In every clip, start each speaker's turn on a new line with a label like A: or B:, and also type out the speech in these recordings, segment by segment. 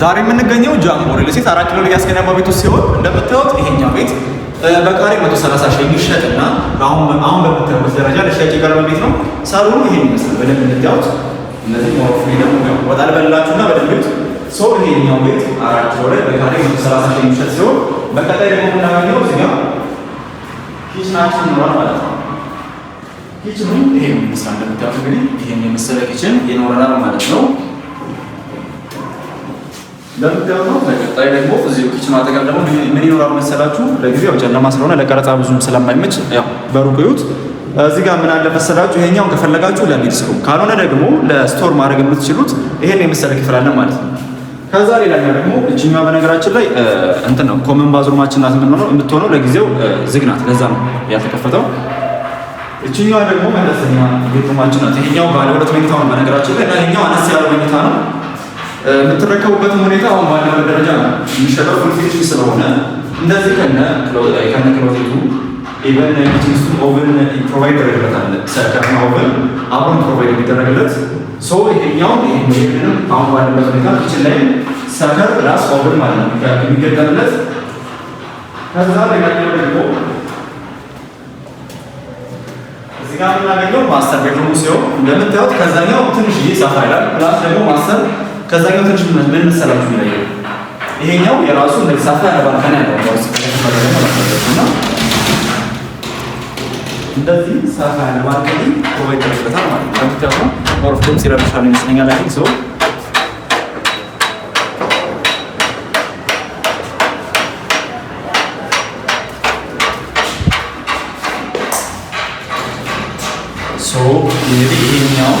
A: ዛሬ የምንገኘው ጃምቦ ሪል ስቴት አራት ኪሎ ያስገኛ ቤት ውስጥ ሲሆን እንደምታዩት ይሄኛው ቤት በካሬ 130 ሺህ የሚሸጥና አሁን አሁን በምታዩት ደረጃ ለሽያጭ የቀረበ ቤት ነው። ሳሎኑ ይሄን ይመስላል። በደንብ እንታዩት። እነዚህ ማወቅ ፍሪደም ነው። ወጣ ልበላችሁና በደንብ ይዩት። ሶ ይሄኛው ቤት አራት ኪሎ ላይ በካሬ 130 ሺህ የሚሸጥ ሲሆን በቀጣይ ደግሞ የምናገኘው እዚህ ጋር ኪችናችን ይኖራል ማለት ነው። ኪችኑ ይሄን ይመስላል። እንደምታዩት እንግዲህ ይሄን የመሰለ ኪችን ይኖረናል ማለት ነው። ለምንድነው ነው ለቀጣይ ደግሞ እዚህ ኪችን አጠገብ ደግሞ ምን ይኖራል መሰላችሁ? ለጊዜው ጨለማ ስለሆነ ለቀረጻ ብዙም ስለማይመች ያው በሩቅ እዩት። እዚህ ጋር ምን አለ መሰላችሁ? ይሄኛውን ከፈለጋችሁ ለሚድስ ሩም ካልሆነ ደግሞ ለስቶር ማድረግ የምትችሉት ይሄን የመሰለ ክፍል አለ ማለት ነው። ከዛ ሌላኛው ደግሞ እችኛዋ በነገራችን ላይ እንትን ነው ኮመን ባዝሩማችን ናት የምትሆነው። ለጊዜው ዝግ ናት፣ ለዛ ነው ያልተከፈተው። እችኛዋ ደግሞ መለስተኛ ቤት ሩማችን ናት። ይሄኛው ባለ ሁለት መኝታ ነው በነገራችን ላይ እና ይሄኛው አነስ ያለ መኝታ ነው የምትረከቡበትም ሁኔታ አሁን ባለበት ደረጃ ነው የሚሸጠው ፉል ስለሆነ እንደዚህ ከነ ከነ ክሎቴቱ ኢቨን ኪችን ኦቨን ፕሮቫይድ ያደረግለታል። ሰርካና ኦቨን አብሮን ፕሮቫይድ የሚደረግለት ሰው ይሄኛውን ይሄንንም አሁን ባለበት ሁኔታ ኪችን ላይ ሰከር ራስ ኦቨን ማለት ነው የሚገጠምለት። ከዛ ሌላኛው ደግሞ እዚህ ጋር የምናገኘው ማስተር ቤድሩም ሲሆን እንደምታዩት ከዛኛው ትንሽ ሰፋ ይላል። ፕላስ ደግሞ ማስተር ከዛኛው ትንሽ ምን መሰላችሁ የሚለየው ይሄኛው የራሱ እንደዚህ ሰፋ ያለ እንደዚህ ሳፋ ያለ ባልካን ፕሮቫይድ ተደርጎበታል ማለት ነው። ምክንያቱም ኦርፍ ድምፅ ይረብሻል ይመስለኛል። አይ ሶ ይሄ ይሄኛው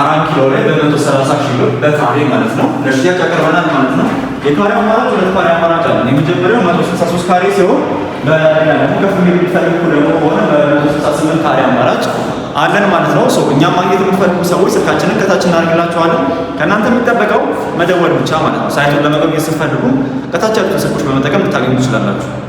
A: አራት ኪሎ ላይ በመቶ ሰላሳ ኪሎ በካሬ ማለት ነው ለሽያጭ ያቀርበናል ማለት ነው። የካሬ አማራጭ ሁለት ካሬ አማራጭ አለ። የመጀመሪያው መቶ ስልሳ ሶስት ካሬ ሲሆን በደግሞ ደግሞ ከፍ የሚፈልጉ ደግሞ ከሆነ በመቶ ስልሳ ስምንት ካሬ አማራጭ አለን ማለት ነው። ሰው እኛም ማግኘት የምትፈልጉ ሰዎች ስልካችንን ከታችን እናደርግላችኋለን። ከእናንተ የሚጠበቀው መደወል ብቻ ማለት ነው። ሳይቱን ለመጎብኘት ስትፈልጉ ከታች ያሉትን ስልኮች በመጠቀም ልታገኙ ትችላላችሁ።